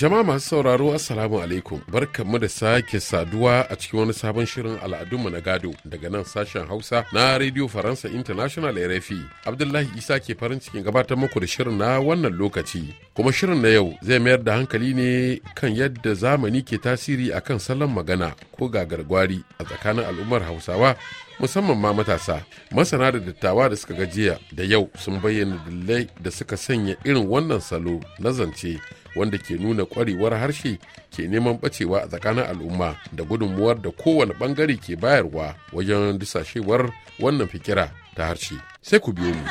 Jama'a masu sauraro Assalamu alaikum barkanmu da sake saduwa a cikin wani sabon shirin al'adunmu na gado daga nan sashen Hausa na Radio Faransa International RFI. Abdullahi Isa ke farin cikin gabatar muku da shirin na wannan lokaci. Kuma shirin na yau zai mayar da hankali ne kan yadda zamani ke tasiri akan salon magana ko ga gargwari a tsakanin al'ummar Hausawa musamman ma matasa masana da dattawa da suka gajiya da yau sun bayyana dalilai da suka sanya irin wannan salo na zance wanda ke nuna kwarewar harshe ke neman bacewa a tsakanin al'umma da gudunmuwar da kowane bangare ke bayarwa wajen disashewar wannan fikira ta harshe sai ku biyo mu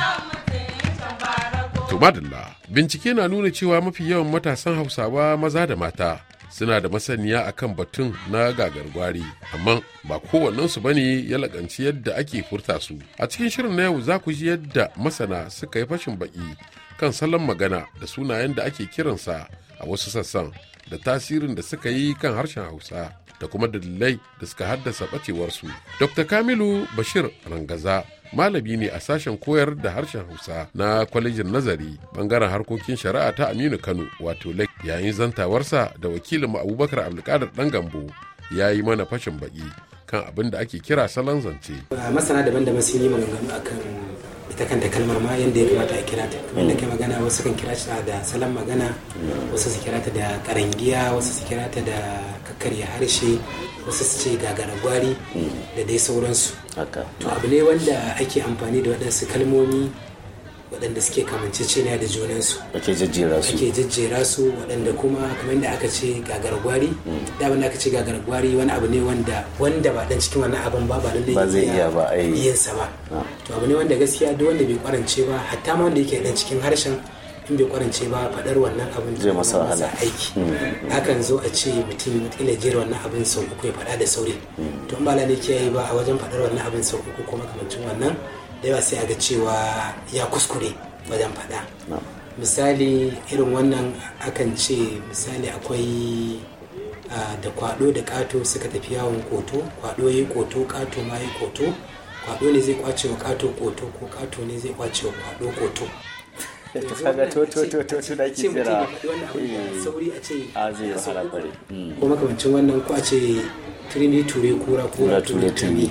bincike na nuna cewa mafi yawan matasan hausawa maza da mata suna da masaniya akan batun na gagar gwari amma ba kowannensu ba ne ya laƙanci yadda ake furta su a cikin shirin na yau za ku ji yadda masana suka yi fashin baƙi kan salon magana da sunayen da ake kiransa a wasu sassan da tasirin da suka yi kan harshen hausa da kuma dalilai da suka haddasa bacewarsu dr kamilu bashir rangaza malami ne a sashen koyar da harshen Hausa na kwalejin nazari bangaren harkokin shari'a ta Aminu Kano wato Lek yayin zantawarsa da wakilin Abubakar Abdulkadir Dan Gambo ya yi mana fashin baki kan abin da ake kira salon zance. Masana daban-daban sun yi maganganu akan ita kanta kalmar ma yadda ya kamata a kira ta kamar da kai magana wasu kan kira ta da salon magana wasu su kira ta da karangiya wasu su kira ta da kakkarya harshe wasu su ce gagara gwari da dai sauransu to abu ne wanda ake amfani da waɗansu kalmomi waɗanda suke kamanceceniya da junansu ake jajjera su ake jajjera su waɗanda kuma kamar da aka ce gagara gwari mm. da aka ce gagara gwari wani abu ne wanda wanda ba dan cikin wannan abin ba ba lalle ba zai iya ba ai yin sa ba ah. to abu ne wanda gaskiya duk wanda bai kwarance ba hatta ma wanda yake dan cikin harshen in bai kwarance ba faɗar wannan abin zai masa aiki hakan hmm. zo a ce mutum kila jera wannan abin sau uku ya faɗa da sauri hmm. to ba bala ne kiyaye ba a wajen faɗar wannan abin sau uku ko makamancin wannan da yawa sai a ga cewa ya kuskure wajen faɗa misali irin wannan akan ce misali akwai da kwado da kato suka tafi yawon koto kwado ya koto kato ma ya koto kwado ne zai kwace wa kato koto ko kato ne zai kwace wa kwado koto to kaga to to to to to da yake eh, sauri a ce a zai wahala bare hmm. ko makamancin wannan ko a ce turmi ture kura kura ture turmi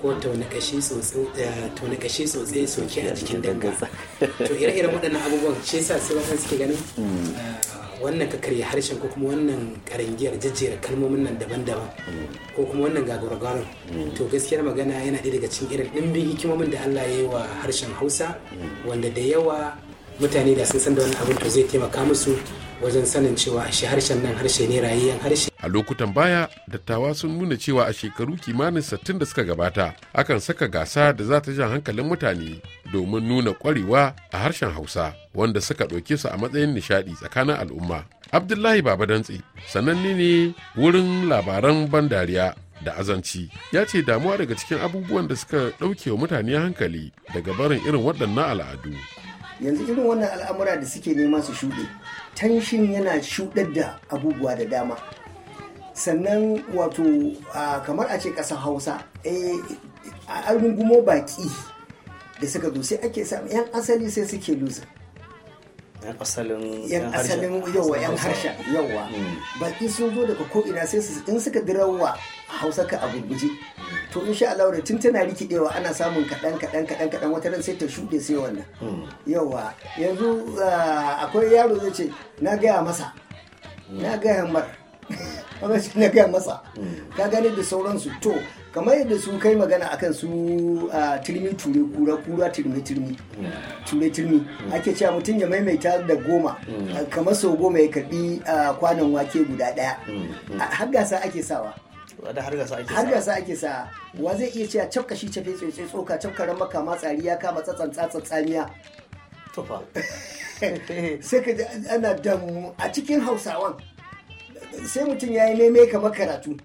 ko tauna kashi tsotse eh, tauna kashi tsotse soke a jikin dangasa to ire-iren waɗannan abubuwan shi yasa sai wasan suke ganin hmm. eh, wannan ka karya harshen ko kuma wannan karangiyar jajjera kalmomin nan daban-daban hmm. ko kuma wannan gagwargwaron to gaskiyar magana yana ɗaya daga cikin irin ɗimbin hikimomin da Allah ya yi wa harshen Hausa wanda da yawa mutane da sun san da wani abin to zai taimaka musu wajen sanin cewa shi harshen nan harshe ne rayayyen harshe. A lokutan baya, dattawa sun nuna cewa a shekaru kimanin sattin da suka gabata, akan saka gasa da za ta jan hankalin mutane domin nuna kwarewa a harshen Hausa, wanda suka ɗauke su a matsayin nishaɗi tsakanin al'umma. Abdullahi Baba Dantse, sananne ne wurin labaran ban dariya da azanci ya ce damuwa daga cikin abubuwan da suka ɗauke wa mutane hankali daga barin irin waɗannan al'adu yanzu irin wannan al'amura da suke nema su shuɗe tanshin yana shuɗar da abubuwa da dama sannan wato kamar a ce ƙasar hausa eh, a rungumo baƙi da suka zo sai ake samu 'yan asali sai suke lusa yan asalin yawa yan harsha yawa mm. baƙi sun zo daga ko'ina sai su in suka dirawa hausa ka a gurguje mm. to sha Allah tun tana rikidewa ana samun kaɗan kaɗan kaɗan kadan wata ran sai ta shude sai wannan hmm. yawa yanzu ah, akwai yaro zai ce na gaya masa na hmm. gaya mar na gaya masa hmm. ka gane da sauransu to kamar yadda su kai magana akan su ah, turmi ture kura kura turmi turmi ture turmi ake cewa mutum ya maimaita da goma kamar sau goma ya karbi ah, kwanan wake guda daya har gasa ake sawa da har gasa ake sa wa zai iya cewa cafka shi cafe tsoye tsoka cafka ran maka ma tsari ya kama tsatsan tsatsan tsamiya tufa sai ka ji ana damu a cikin hausawan sai mutum ya yi maimai kamar karatu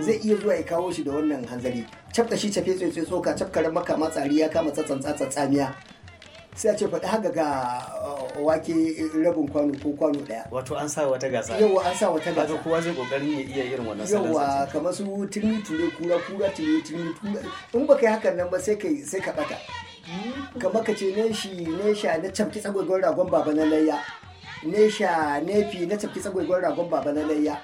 zai iya zuwa ya kawo shi da wannan hanzari cafka shi cafe tsoye tsoka cafka ran maka ma tsari ya kama tsatsan tsatsan tsamiya sai a ce faɗi haka ga uh, wake eh, rabin kwano ko kwano ɗaya. Wato an sa wata gasa. Yawwa an sa wata gasa. Wato kowa zai ƙoƙarin ya iya irin wannan sanar. Yawwa kamar su turmi ture kura kura ture turmi tura in baka yi hakan nan ba sai ka sai ka ɓata. Kamar ka ce ne shi ne sha na tafki tsagwagwar ragon baba na layya. Ne sha ne fi na tafki tsagwagwar ragon baba na layya.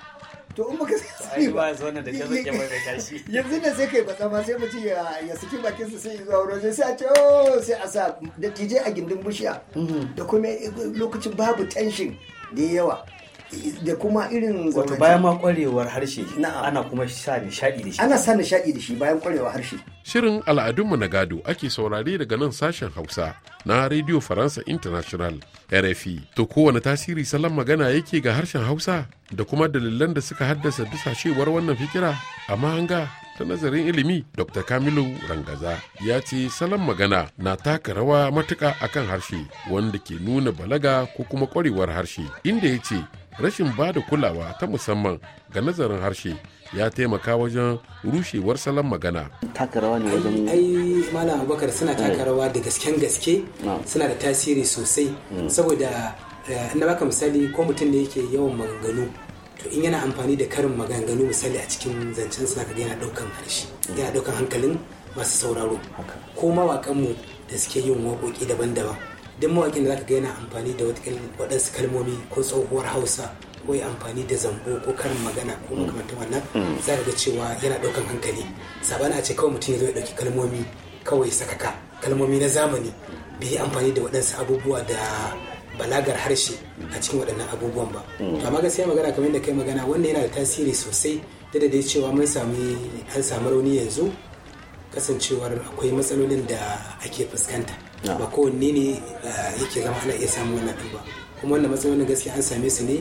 to in baka sani ba yanzu da sai kai batsa sai mutum ya saki bakin sa sai zuwa wurin sai a ce oh, sai a sa da tije a gindin bushiya mhm. da kuma lokacin babu tension da yawa da kuma irin wato bayan ma kwarewar harshe ana kuma sa nishadi da shi ana sa nishadi da shi bayan kwarewar harshe shirin al'adunmu na gado ake saurare daga nan sashen hausa na radio faransa international rfi to kowane tasiri salon magana yake ga harshen hausa da kuma dalilan da suka haddasa dusashewar wannan fikira a mahanga ta nazarin ilimi dr kamilu rangaza ya ce salon magana na taka rawa matuka akan harshe wanda ke nuna balaga ko kuma kwarewar harshe inda ya ce rashin ba da kulawa ta musamman ga nazarin harshe ya taimaka wajen rushewar salon magana. Takarawa ne wajen ai malam abubakar suna taka eh. da gasken gaske suna da tasiri sosai hmm. saboda eh, na baka misali ko mutum ne yake yawan maganganu to in yana amfani da karin maganganu misali a cikin zancen suna kaga yana daukan harshe yana daukan hankalin masu sauraro ko mu da suke yin waƙoƙi daban-daban duk mawakin da zaka ga yana amfani da waɗansu kalmomi ko tsohuwar hausa ko ya amfani da zambo ko karin magana ko makamantar wannan mm. za ga cewa yana ɗaukan hankali sabana ce kawai mutum ya zo ya ɗauki kalmomi kawai sakaka kalmomi na zamani bai yi amfani da waɗansu abubuwa da balagar harshe a cikin waɗannan abubuwan ba mm. to amma gaskiya magana kamar da kai magana wannan yana da tasiri sosai da da dai cewa mun sami an samu rauni yanzu kasancewar akwai matsalolin da ake fuskanta ba ko ne eh, yake zama ana iya samu wannan ɗin ba kuma wannan matsalolin gaskiya an same su ne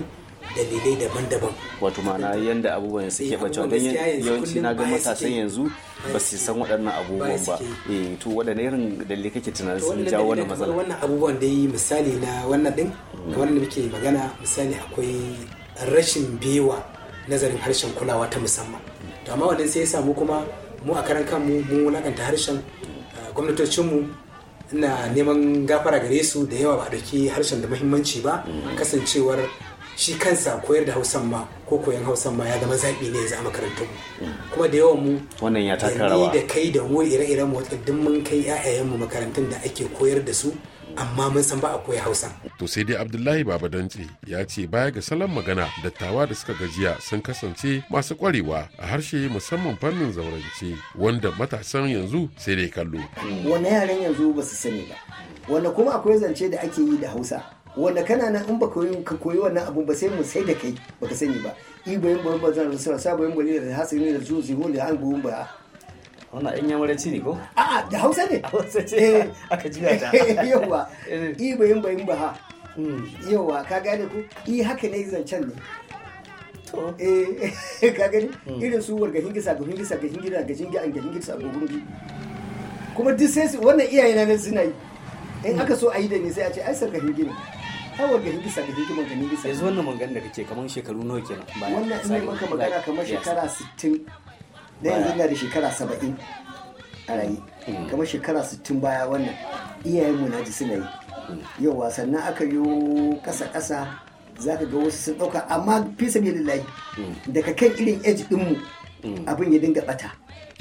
dalilai daban-daban wato ma'ana yadda abubuwan suke bacci eh, don yawanci na ga matasan yanzu ba su san waɗannan abubuwan ba eh to waɗanne irin dalilai kake tunanin sun jawo wannan matsala wannan abubuwan dai misali na wannan din mm. kamar da muke magana misali akwai rashin biyewa nazarin harshen kulawa ta musamman to amma wannan sai ya samu kuma mu a karan kanmu mun wulakanta harshen eh, gwamnatocinmu ina neman gafara gare su da yawa ba dauki harshen da muhimmanci ba mm. kasancewar shi kansa koyar da hausan ma ko koyan hausan ma ya zama zaɓi ne za makarantar mu mm. kuma da yawan mu wannan ya taka rawa da kai da mu ire-iren mu duk mun kai ƴaƴayen mu makarantun da ake koyar da su amma mun san ba a koya hausa to sai dai abdullahi baba dantse ya ce baya ga salon magana dattawa da suka gajiya sun kasance masu kwarewa a harshe musamman fannin zaurance wanda matasan yanzu sai dai kallo wanne yaran yanzu ba su sani ba wanda kuma akwai zance da ake yi da hausa wanda kana nan in ba ka koyi wannan abun ba sai mu sai da kai baka sani ba ibrahim ba zan rusa sabayin bali da hasiri da zuwa da an goyon ba wannan ɗan yamuranci ne ko? a'a da hausa ne hausa ce eh. aka juya ta yawa eh. i bayin bayin ba ha hmm. yawa ka gane ko i haka ne zancen ne eh ka gani hmm. irin su warga hingisa ga hingisa ga hingira ga jingi an ga hingisa ga gungi kuma duk sai su wannan iyaye na suna yi in aka so a yi da ne sai a ce ai sarka hingira ai warga hingisa ga hingima ga hingisa yanzu wannan magana da kake kaman shekaru nawa kenan wannan ina maka magana kamar shekara 60 da yanzu na da shekara saba'in a raye kamar shekara sittin baya wannan iyayen mu na ji suna yi yau sannan aka yi kasa kasa za ka ga wasu sun ɗauka amma fi sabi da daga kan irin age ɗinmu abin ya dinga ɓata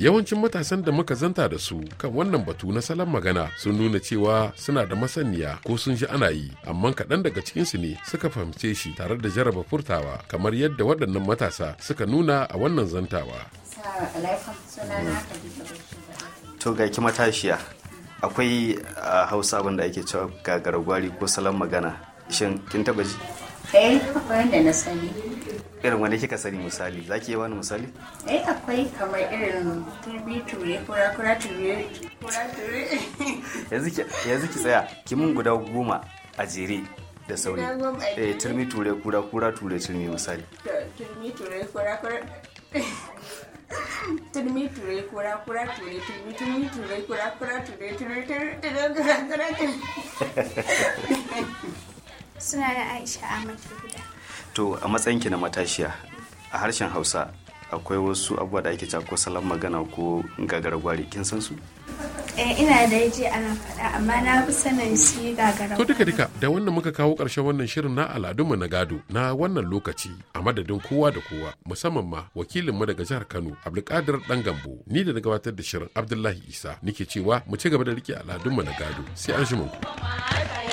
yawancin matasan da muka zanta da su kan wannan batu na salon magana sun nuna cewa suna da masaniya ko sun ji ana yi amma kaɗan daga cikinsu ne suka fahimce shi tare da jaraba furtawa kamar yadda waɗannan matasa suka nuna a wannan zantawa to ga ki matashiya akwai a hausa abin da ake cewa gagara gwari ko salon magana shin kin taba ji eh akwai wanda na sani irin wani kika sani misali za ki yi wani misali? eh akwai kamar irin turbi ture kura kura ture kura ture yanzu ki tsaya kimin guda goma a jere da sauri eh turmi ture kura kura ture turmi misali turmi ture kura kura turmi ture kura kura ture turmi turmi ture kura kura ture ture ture ture kura kura ture suna da aisha a guda to a ki na matashiya a harshen hausa akwai wasu abubuwa da ake ko salon magana ko gagara kin san su eh, ina da yaji ana faɗa amma na fi sanin shi gagara to duka duka da wannan muka kawo ƙarshen wannan shirin na aladunmu na gado na wannan lokaci a madadin kowa da kowa musamman ma wakilin mu daga jihar Kano Abdulkadir dan Gambo ni da na gabatar da shirin Abdullahi Isa nike cewa mu ci gaba da rike aladunmu na gado sai an shi ku